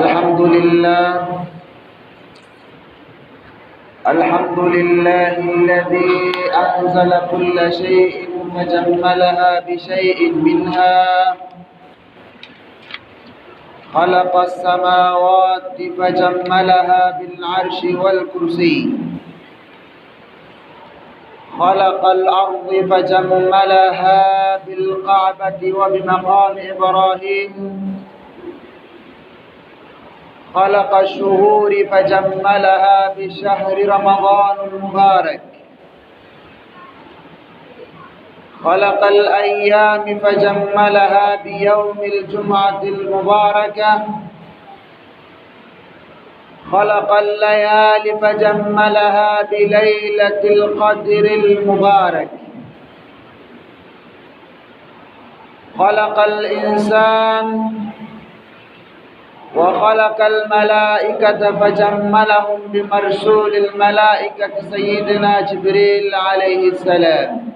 الحمد لله الحمد لله الذي أنزل كل شيء فجملها بشيء منها خلق السماوات فجملها بالعرش والكرسي خلق الأرض فجملها بالقعبة وبمقام إبراهيم خلق الشهور فجملها بشهر رمضان المبارك خلق الأيام فجملها بيوم الجمعة المباركة خلق الليالي فجملها بليلة القدر المبارك خلق الإنسان وخلق الملائكة فجملهم بمرسول الملائكة سيدنا جبريل عليه السلام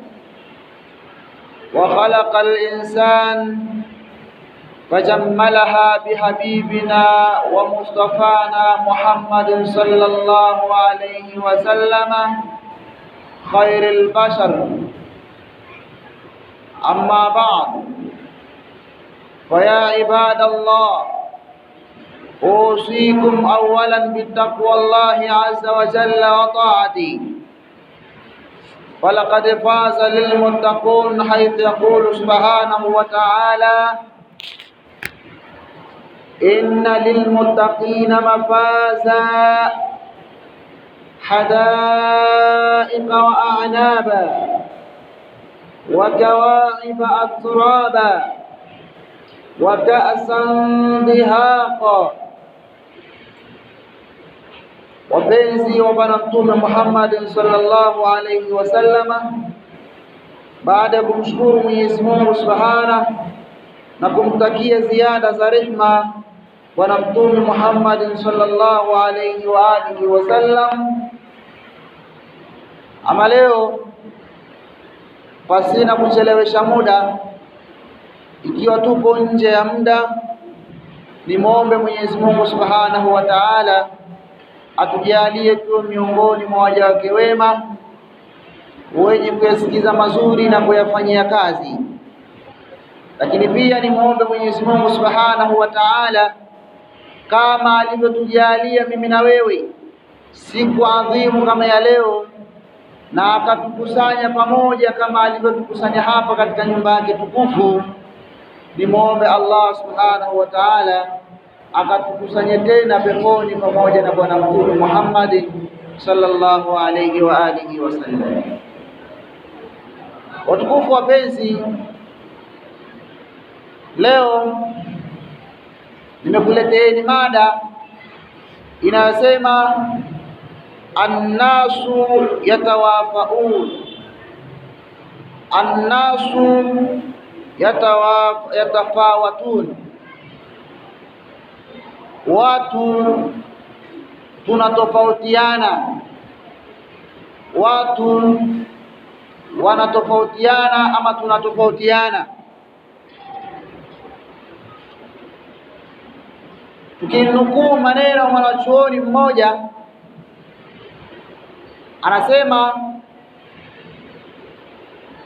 وخلق الإنسان فجملها بحبيبنا ومصطفانا محمد صلى الله عليه وسلم خير البشر أما بعد فيا عباد الله أوصيكم أولا بتقوى الله عز وجل وطاعته ولقد فاز للمتقون حيث يقول سبحانه وتعالى إن للمتقين مفازا حدائق وأعنابا وكواعب أترابا وكأسا دهاقا Wapenzi wa Bwana Mtume Muhammad sallallahu alayhi wasallama, baada ya kumshukuru Mwenyezi Mungu subhana na kumtakia ziada za rehma Bwana Mtume Muhammad sallallahu alaihi wa alihi wasallam, ama leo pasina kuchelewesha muda, ikiwa tupo nje ya muda, nimwombe Mwenyezi Mungu subhanahu wa taala atujalie tuwe miongoni mwa waja wake wema wenye kuyasikiza mazuri na kuyafanyia kazi. Lakini pia nimwombe Mwenyezi Mungu Subhanahu wa Ta'ala, kama alivyotujalia mimi na wewe siku adhimu kama ya leo, na akatukusanya pamoja kama alivyotukusanya hapa katika nyumba yake tukufu, nimwombe Allah Subhanahu wa Ta'ala akatukusanya tena peponi pamoja na Bwana Mtume Muhammad sallallahu alayhi wa alihi wasallam. Watukufu wapenzi, leo nimekuleteeni mada inayosema annasu yatawafaun, annasu yatafawatun Watu tunatofautiana, watu wanatofautiana ama tunatofautiana. Tukinukuu maneno ya mwanachuoni mmoja, anasema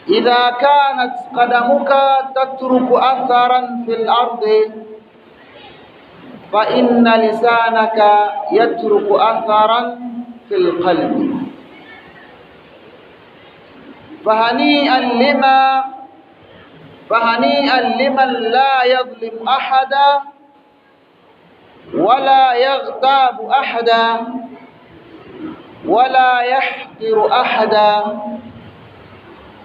idha kanat qadamuka tatruku atharan fil ardi فإن لسانك يترك أثرا في القلب فهنيئا لما فهنيئا لمن لا يظلم أحدا ولا يغتاب أحدا ولا يحقر أحدا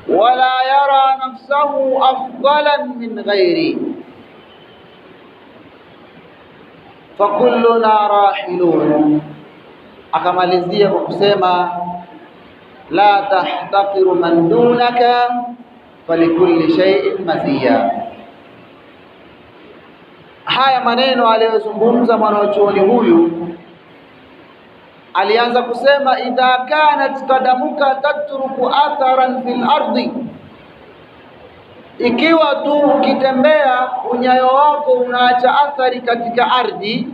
ولا يرى نفسه أفضلا من غيره fakulluna rahilun. Akamalizia kwa kusema la tahtaqiru man dunaka falikulli shay'in maziya. Haya maneno aliyozungumza mwanachuoni huyu alianza kusema, idha kanat qadamuka tatruku atharan fil ardi ikiwa tu ukitembea unyayo wako unaacha athari katika ardhi,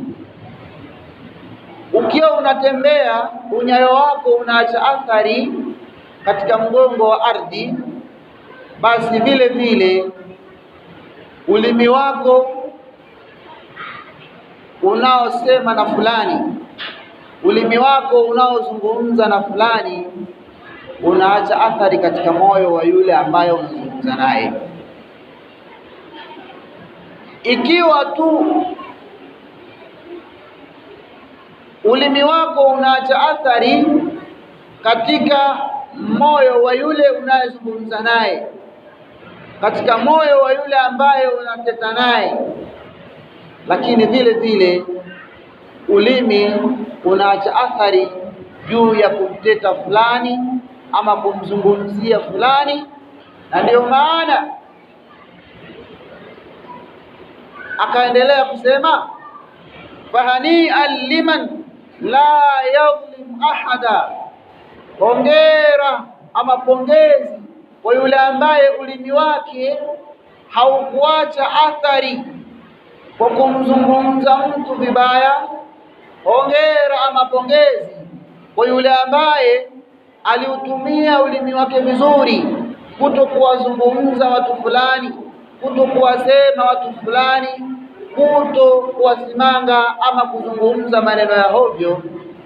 ukiwa unatembea unyayo wako unaacha athari katika mgongo wa ardhi, basi vile vile ulimi wako unaosema na fulani, ulimi wako unaozungumza na fulani, unaacha athari katika moyo wa yule ambaye unazungumza naye ikiwa tu ulimi wako unaacha athari katika moyo wa yule unayezungumza naye, katika moyo wa yule ambaye unateta naye, lakini vile vile ulimi unaacha athari juu ya kumteta fulani ama kumzungumzia fulani, na ndio maana Akaendelea kusema fahanian liman la yadhlim ahada, hongera ama pongezi kwa yule ambaye ulimi wake haukuacha athari kwa kumzungumza mtu vibaya. Hongera ama pongezi kwa yule ambaye aliutumia ulimi wake vizuri, kuto kuwazungumza watu fulani, kuto kuwasema watu fulani kuto kuwasimanga ama kuzungumza maneno ya hovyo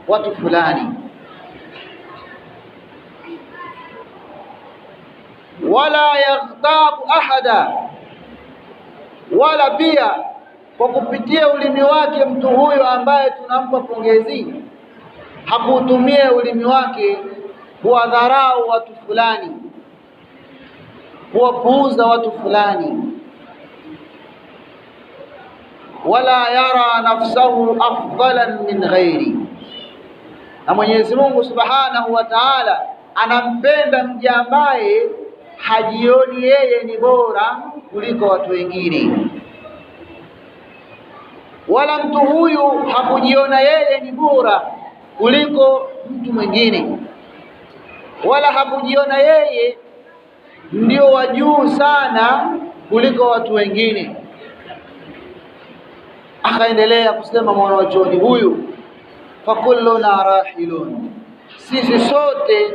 watu fulani, wala yaghtabu ahada, wala pia kwa kupitia ulimi wake mtu huyo ambaye tunampa pongezi hakuutumie ulimi wake kuwadharau watu fulani, kuwapuuza watu fulani wala yara nafsahu afdalan min ghairi, na Mwenyezi Mungu Subhanahu wa Ta'ala anampenda mja ambaye hajioni yeye ni bora kuliko watu wengine, wala mtu huyu hakujiona yeye ni bora kuliko mtu mwingine, wala hakujiona yeye ndio wa juu sana kuliko watu wengine. Akaendelea kusema chuoni huyu, fakulluna rahilun, sisi sote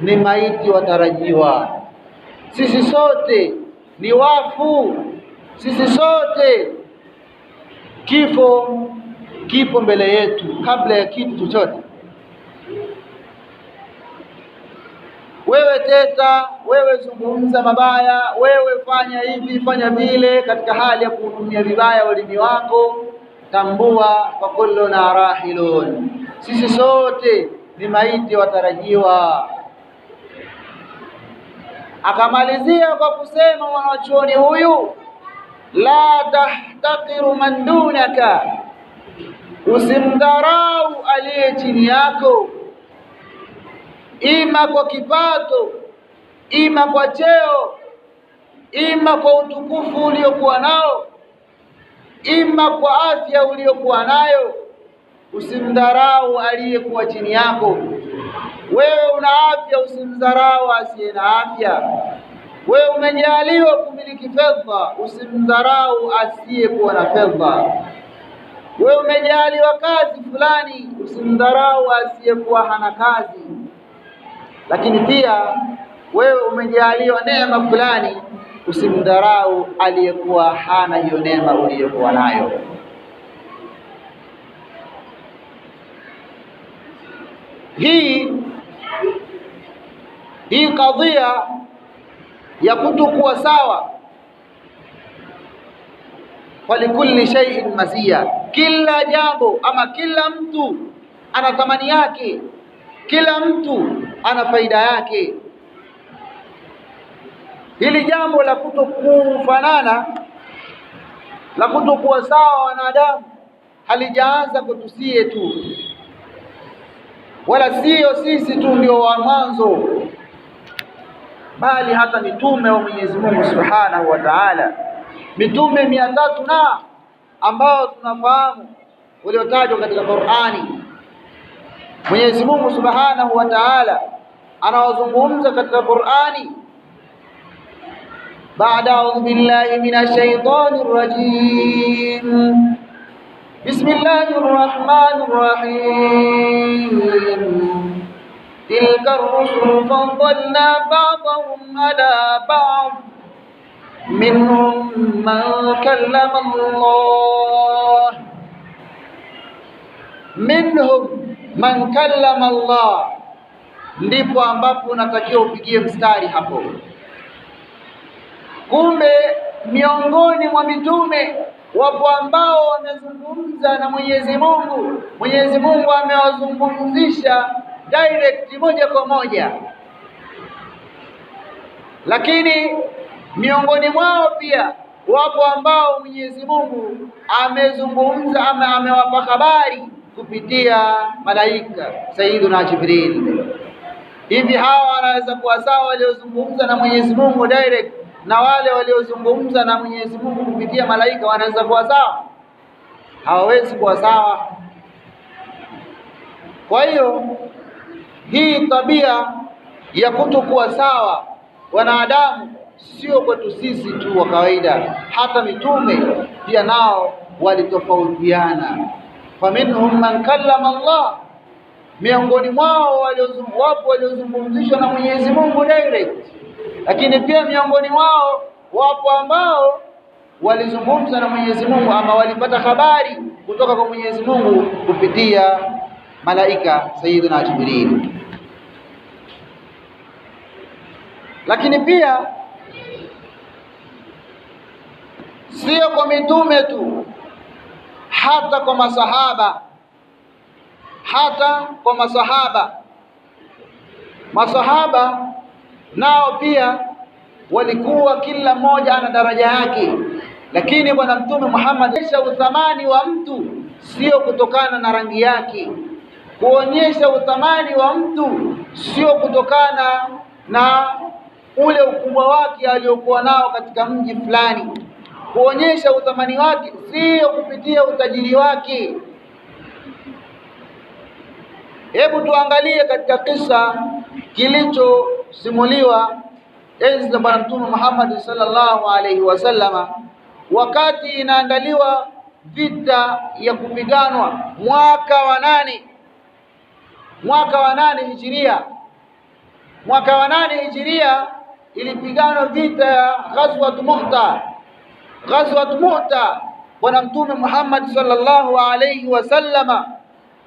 ni maiti watarajiwa, sisi sote ni wafu, sisi sote kifo kipo mbele yetu kabla ya kitu chochote. wewe teta, wewe zungumza mabaya, wewe fanya hivi, fanya vile, katika hali ya kuhudumia vibaya walimi wako. Tambua na rahilun, sisi sote ni maiti watarajiwa. Akamalizia kwa kusema mwanachuoni huyu, la tahtakiru man dunaka, usimdharau aliye chini yako ima kwa kipato, ima kwa cheo, ima kwa utukufu uliokuwa nao, ima kwa afya uliokuwa nayo. Usimdharau aliyekuwa chini yako. Wewe una afya, usimdharau asiye na afya. Wewe umejaliwa kumiliki fedha, usimdharau asiyekuwa na fedha. Wewe umejaliwa kazi fulani, usimdharau asiyekuwa hana kazi. Lakini pia wewe umejaliwa neema fulani, usimdharau aliyekuwa hana hiyo neema uliyokuwa nayo. Hii hii kadhia ya kutokuwa sawa kwa likulli shay'in mazia, kila jambo ama kila mtu ana thamani yake, kila mtu ana faida yake. Hili jambo la kutokufanana la kutokuwa sawa wanadamu halijaanza kutusie tu, wala sio sisi tu ndio wa mwanzo, bali hata mitume wa Mwenyezi Mungu Subhanahu wa Ta'ala, mitume mia tatu na ambao tunafahamu waliotajwa katika Qur'ani. Mwenyezi Mungu Subhanahu wa Ta'ala أنا أزمهم زكاة القرآن بعد أعوذ بالله من الشيطان الرجيم بسم الله الرحمن الرحيم تلك الرسل فضلنا بعضهم على بعض منهم من كلم الله منهم من كلم الله ndipo ambapo unatakiwa upigie mstari hapo. Kumbe miongoni mwa mitume wapo ambao wamezungumza na Mwenyezi Mungu. Mwenyezi Mungu amewazungumzisha direct, moja kwa moja, lakini miongoni mwao pia wapo ambao Mwenyezi Mungu amezungumza ama amewapa habari kupitia malaika Sayyiduna Jibril. Hivi hawa wanaweza kuwa sawa waliozungumza na Mwenyezi Mungu direct na wale waliozungumza na Mwenyezi Mungu kupitia malaika wanaweza kuwa sawa? Hawawezi kuwa sawa. Kwa hiyo hii tabia ya kutokuwa sawa wanadamu sio kwetu sisi tu wa kawaida, hata mitume pia nao walitofautiana. faminhum man kallama Allah miongoni mwao wapo waliozungumzishwa na Mwenyezi Mungu direct, lakini pia miongoni mwao wapo ambao walizungumza na Mwenyezi Mungu ama walipata habari kutoka kwa Mwenyezi Mungu kupitia malaika Sayyidina Jibril. Lakini pia sio kwa mitume tu, hata kwa masahaba hata kwa masahaba. Masahaba nao pia walikuwa kila mmoja ana daraja yake, lakini Bwana Mtume Muhammad esha uthamani wa mtu sio kutokana na rangi yake, kuonyesha uthamani wa mtu sio kutokana na ule ukubwa wake aliokuwa nao katika mji fulani. Kuonyesha uthamani wake sio kupitia utajiri wake. Hebu tuangalie katika kisa kilichosimuliwa enzi za Bwana Mtume Muhammad sallallahu alaihi wasallama, wakati inaandaliwa vita ya kupiganwa mwaka wa nane mwaka wa nane hijiria. Mwaka wa nane hijiria ilipiganwa vita ya Ghazwat Mu'ta. Ghazwat Mu'ta, Bwana Mtume Muhammad sallallahu alaihi wasallama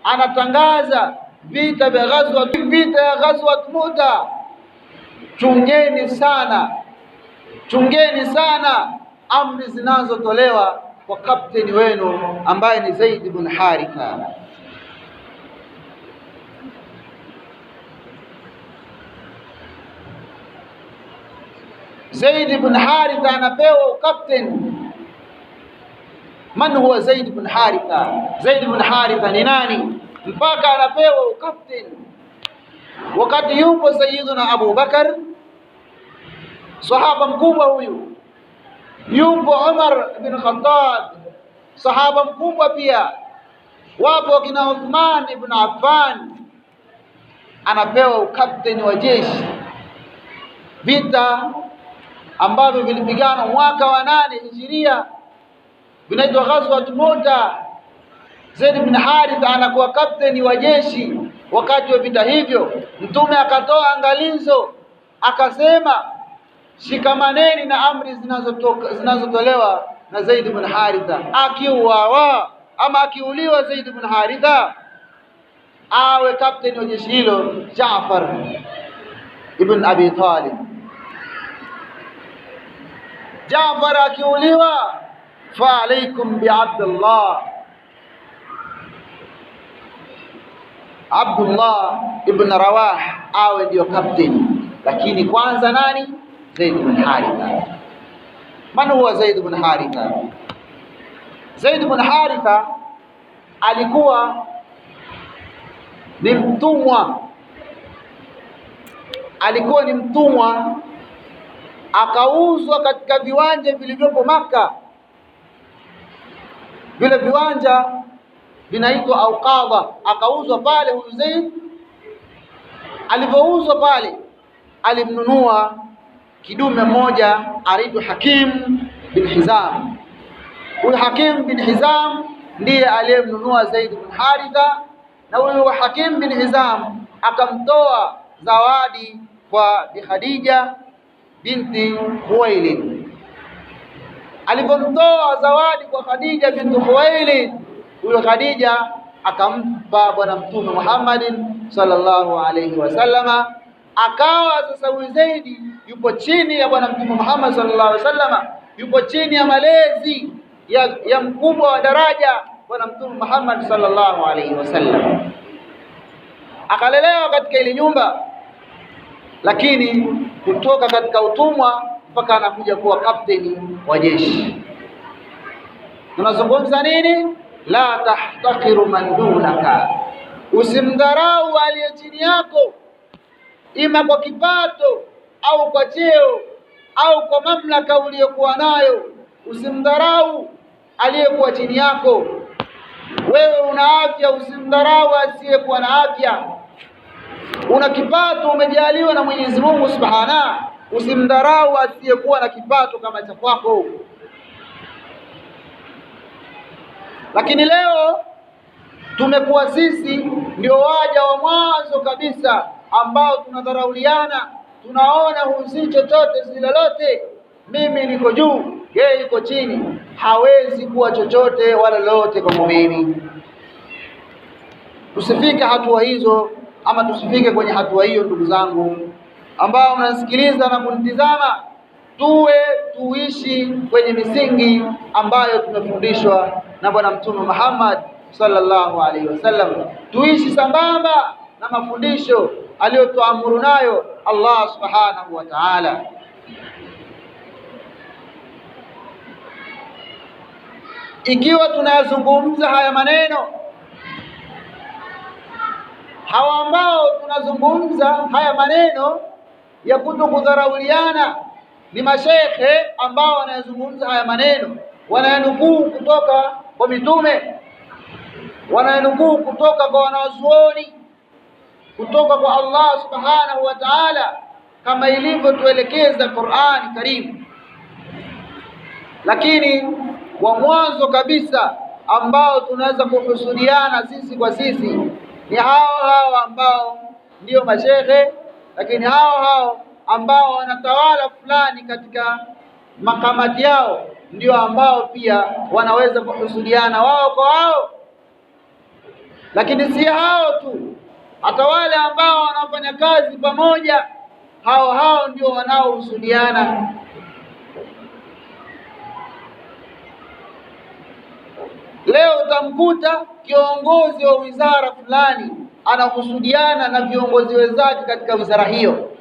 anatangaza vita vya ghazwa, vita ya ghazwat Muta. Chungeni sana, chungeni sana amri zinazotolewa kwa kapteni wenu ambaye ni Zaid ibn Haritha. Zaid ibn Haritha anapewa ukapteni. Man huwa Zaid ibn Haritha? Zaid ibn Haritha ni nani? mpaka anapewa ukapteni, wakati yupo Sayyiduna Abu Bakar, sahaba mkubwa huyu, yupo Umar bin Khattab, sahaba mkubwa pia, wapo wakina Uthman ibn Affan, anapewa ukapteni wa jeshi vita ambavyo vilipigana mwaka wa nane hijiria, vinaitwa Ghazwat Muta. Zaid bin Harith anakuwa kapteni wa jeshi wakati wa vita hivyo. Mtume akatoa angalizo akasema, shikamaneni na amri zinazotolewa zinazotolewa na Zaid bin Haritha. Akiuawa ama akiuliwa Zaid bin Haritha awe kapteni wa jeshi hilo Jaafar ibn Abi Talib. Jaafar akiuliwa, fa alaikum bi Abdullah Abdullah ibn Rawah awe ndio captain, lakini kwanza nani? Zaid ibn Haritha. Man huwa Zaid ibn Haritha? Zaid ibn Haritha alikuwa ni mtumwa, alikuwa ni mtumwa, akauzwa katika viwanja vilivyopo Maka, vile viwanja vinaitwa auqadha, akauzwa pale huyu Zaid. Alivyouzwa pale, alimnunua kidume mmoja aritu Hakim bin Hizam. Huyu Hakim bin Hizam ndiye aliyemnunua Zaid bin Haritha, na huyu Hakim bin Hizam akamtoa zawadi kwa Bi Khadija binti Khuwailid. Alipomtoa zawadi kwa Khadija binti Khuwailid huyo Khadija akampa bwana Mtume Muhammadin sallallahu alaihi wasallama, akawa sasa huyu Zaidi yupo chini ya bwana Mtume Muhammad sallallahu alayhi wasallama, yupo chini ya malezi ya, ya mkubwa wa daraja bwana Mtume Muhammad sallallahu alaihi wasallam. Akalelewa katika ile nyumba, lakini kutoka katika utumwa mpaka anakuja kuwa kapteni wa jeshi. Tunazungumza nini? la tahtakiru man dunaka, usimdharau aliye chini yako, ima kwa kipato au kwa cheo au kwa mamlaka uliyokuwa nayo. Usimdharau aliyekuwa chini yako. Wewe una afya, usimdharau asiyekuwa na afya. Una kipato, umejaliwa na Mwenyezi Mungu Subhanahu, usimdharau asiyekuwa na kipato kama cha kwako. Lakini leo tumekuwa sisi ndio waja wa mwanzo kabisa ambao tunadharauliana, tunaona huzi si chochote si lolote, mimi niko juu, yeye yuko chini, hawezi kuwa chochote wala lolote kwa muumini. Tusifike hatua hizo, ama tusifike kwenye hatua hiyo, ndugu zangu ambao mnasikiliza na kunitizama tuwe tuishi kwenye misingi ambayo tumefundishwa na Bwana Mtume Muhammad sallallahu alaihi wasallam, tuishi sambamba na mafundisho aliyotuamuru nayo Allah subhanahu wa ta'ala. Ikiwa tunayazungumza haya maneno, hawa ambao tunazungumza haya maneno ya kutokudharauliana ni mashekhe ambao wanayazungumza haya maneno, wanayanukuu kutoka kwa mitume, wanayanukuu kutoka kwa wanazuoni, kutoka kwa Allah subhanahu wa ta'ala, kama ilivyotuelekeza Qur'an Karim. Lakini wa mwanzo kabisa ambao tunaweza kuhusudiana sisi kwa sisi ni hao hao ambao ndio mashehe, lakini hao hao ambao wanatawala fulani katika makamati yao, ndio ambao pia wanaweza kuhusudiana wao kwa wao. Lakini si hao tu, hata wale ambao wanafanya kazi pamoja, hao hao ndio wanaohusudiana. Leo utamkuta kiongozi wa wizara fulani anahusudiana na viongozi wenzake katika wizara hiyo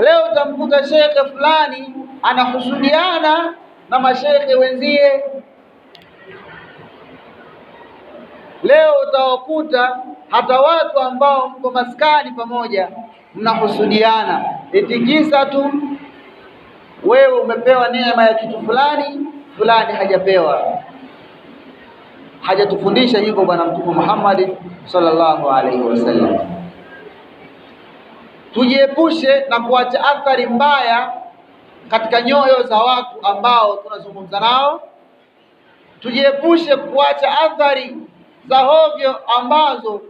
Leo utamkuta shekhe fulani anahusudiana na mashekhe wenzie. Leo utawakuta hata watu ambao mko maskani pamoja mnahusudiana, eti kisa tu wewe umepewa neema ya kitu fulani, fulani hajapewa. Hajatufundisha hivyo Bwana Mtume Muhammad sallallahu alaihi wasallam tujiepushe na kuacha athari mbaya katika nyoyo za watu ambao tunazungumza nao. Tujiepushe kuacha athari za hovyo ambazo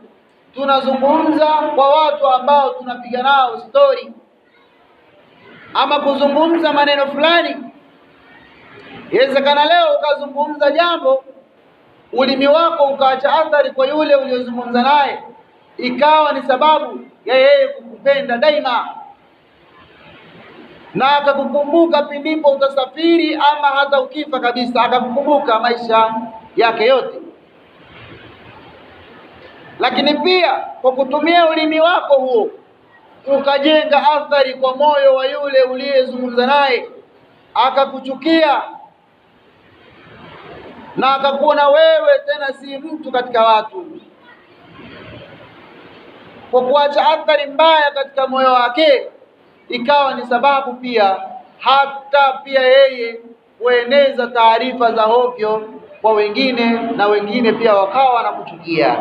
tunazungumza kwa watu ambao tunapiga nao stori ama kuzungumza maneno fulani. Inawezekana leo ukazungumza jambo, ulimi wako ukaacha athari kwa yule uliyozungumza naye ikawa ni sababu ya yeye kukupenda daima na akakukumbuka pindipo utasafiri ama hata ukifa kabisa, akakukumbuka maisha yake yote. Lakini pia kwa kutumia ulimi wako huo ukajenga athari kwa moyo wa yule uliyezungumza naye, akakuchukia na akakuona wewe tena si mtu katika watu kwa kuacha athari mbaya katika moyo wake, ikawa ni sababu pia hata pia yeye kueneza taarifa za hovyo kwa wengine, na wengine pia wakawa wanakuchukia.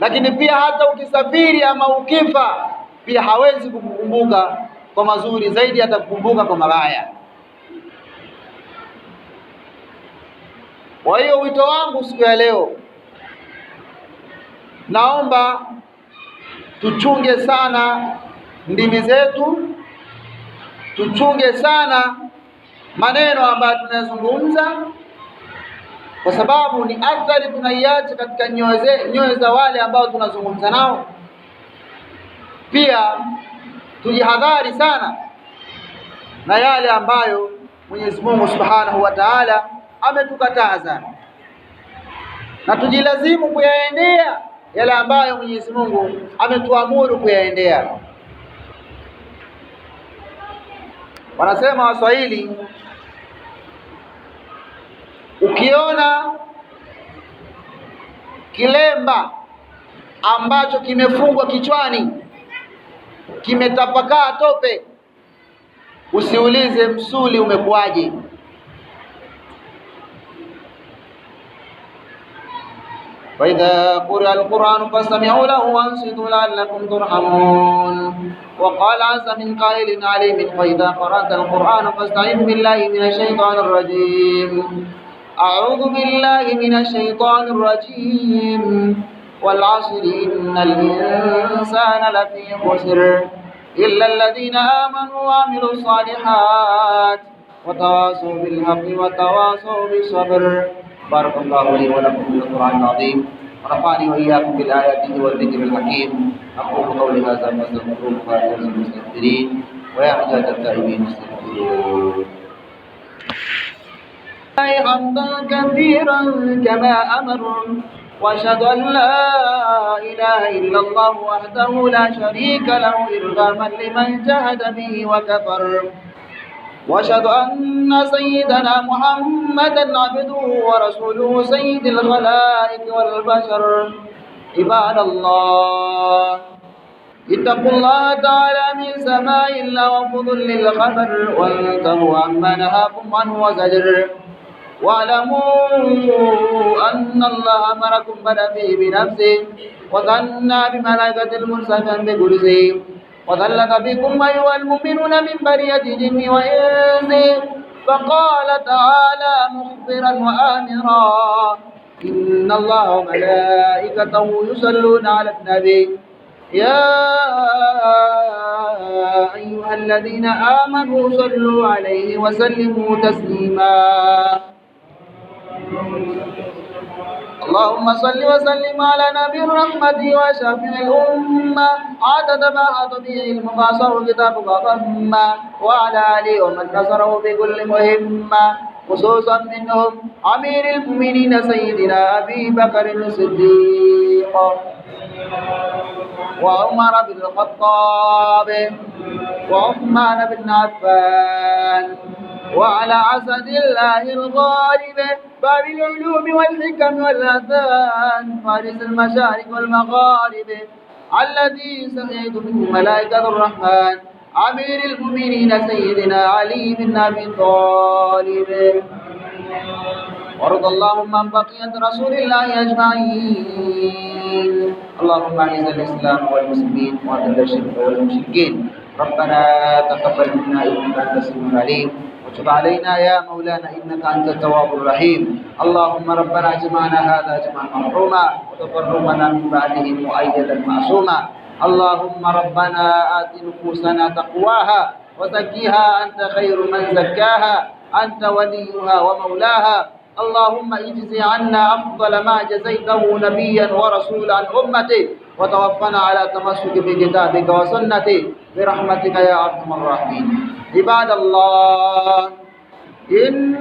Lakini pia hata ukisafiri ama ukifa pia hawezi kukukumbuka kwa mazuri zaidi, atakukumbuka kwa mabaya. Kwa hiyo wito wangu siku ya leo Naomba tuchunge sana ndimi zetu, tuchunge sana maneno ambayo tunayazungumza kwa sababu ni athari tunaiacha katika nyoyo za wale ambao tunazungumza nao. Pia tujihadhari sana na yale ambayo Mwenyezi Mungu Subhanahu wa Ta'ala ametukataza na tujilazimu kuyaendea yale ambayo Mwenyezi Mungu ametuamuru kuyaendea. Wanasema Waswahili, ukiona kilemba ambacho kimefungwa kichwani kimetapakaa tope, usiulize msuli umekuwaje. وإذا قرئ القرآن فاستمعوا له وأنصتوا لعلكم ترحمون وقال عز من قائل عليم وإذا قرأت القرآن فاستعذ بالله من الشيطان الرجيم أعوذ بالله من الشيطان الرجيم والعصر إن الإنسان لفي خسر إلا الذين آمنوا وعملوا الصالحات وتواصوا بالحق وتواصوا بالصبر بارك الله لي ولكم في القرآن العظيم ونفعني وإياكم بالآيات والذكر الحكيم أقول قولي هذا وأستغفر الله المستكبرين ويا حجاج التائبين استغفروا حمدا كثيرا كما أمر واشهد أن لا إله إلا الله وحده لا شريك له إرغاما لمن جهد به وكفر وأشهد أن سيدنا محمدا عبده ورسوله سيد الخلائق والبشر عباد الله اتقوا الله تعالى من سماء الله وفضل للخبر وانتهوا عما نهاكم عنه وزجر واعلموا أن الله أمركم بدأ فيه بنفسه وظنا بملائكة المرسلين بكرسي وذلك بكم أيها المؤمنون من برية جن وإنس فقال تعالى مخبرا وآمرا إن الله وملائكته يصلون على النبي يا أيها الذين آمنوا صلوا عليه وسلموا تسليما اللهم صل وسلم على نبي الرحمة وشفيع الأمة عدد ما أعطى به علمك أصاب كتابك ضمة وعلى آله ومن نصره بكل مهمة خصوصا منهم أمير المؤمنين سيدنا أبي بكر الصديق وعمر بن الخطاب وعثمان بن عفان وعلى عسد الله الغالب باب العلوم والحكم والأذان فارس المشارق والمغارب الذي سعيد منه ملائكة الرحمن عمير المؤمنين سيدنا علي بن أبي طالب وارض اللهم عن بقية رسول الله أجمعين اللهم أعز الإسلام والمسلمين وأذل الشرك والمشركين ربنا تقبل منا إنك أنت السميع العليم وتب علينا يا مولانا إنك أنت التواب الرحيم اللهم ربنا اجمعنا هذا جمعا مرحوما وتفرغنا من بعده مؤيدا معصوما اللهم ربنا آت نفوسنا تقواها وزكيها أنت خير من زكاها أنت وليها ومولاها اللهم اجز عنا أفضل ما جزيته نبيا ورسولا عن أمته وتوفنا على تمسك بكتابك وسنته برحمتك يا أرحم الراحمين ইবাদাল্লাহ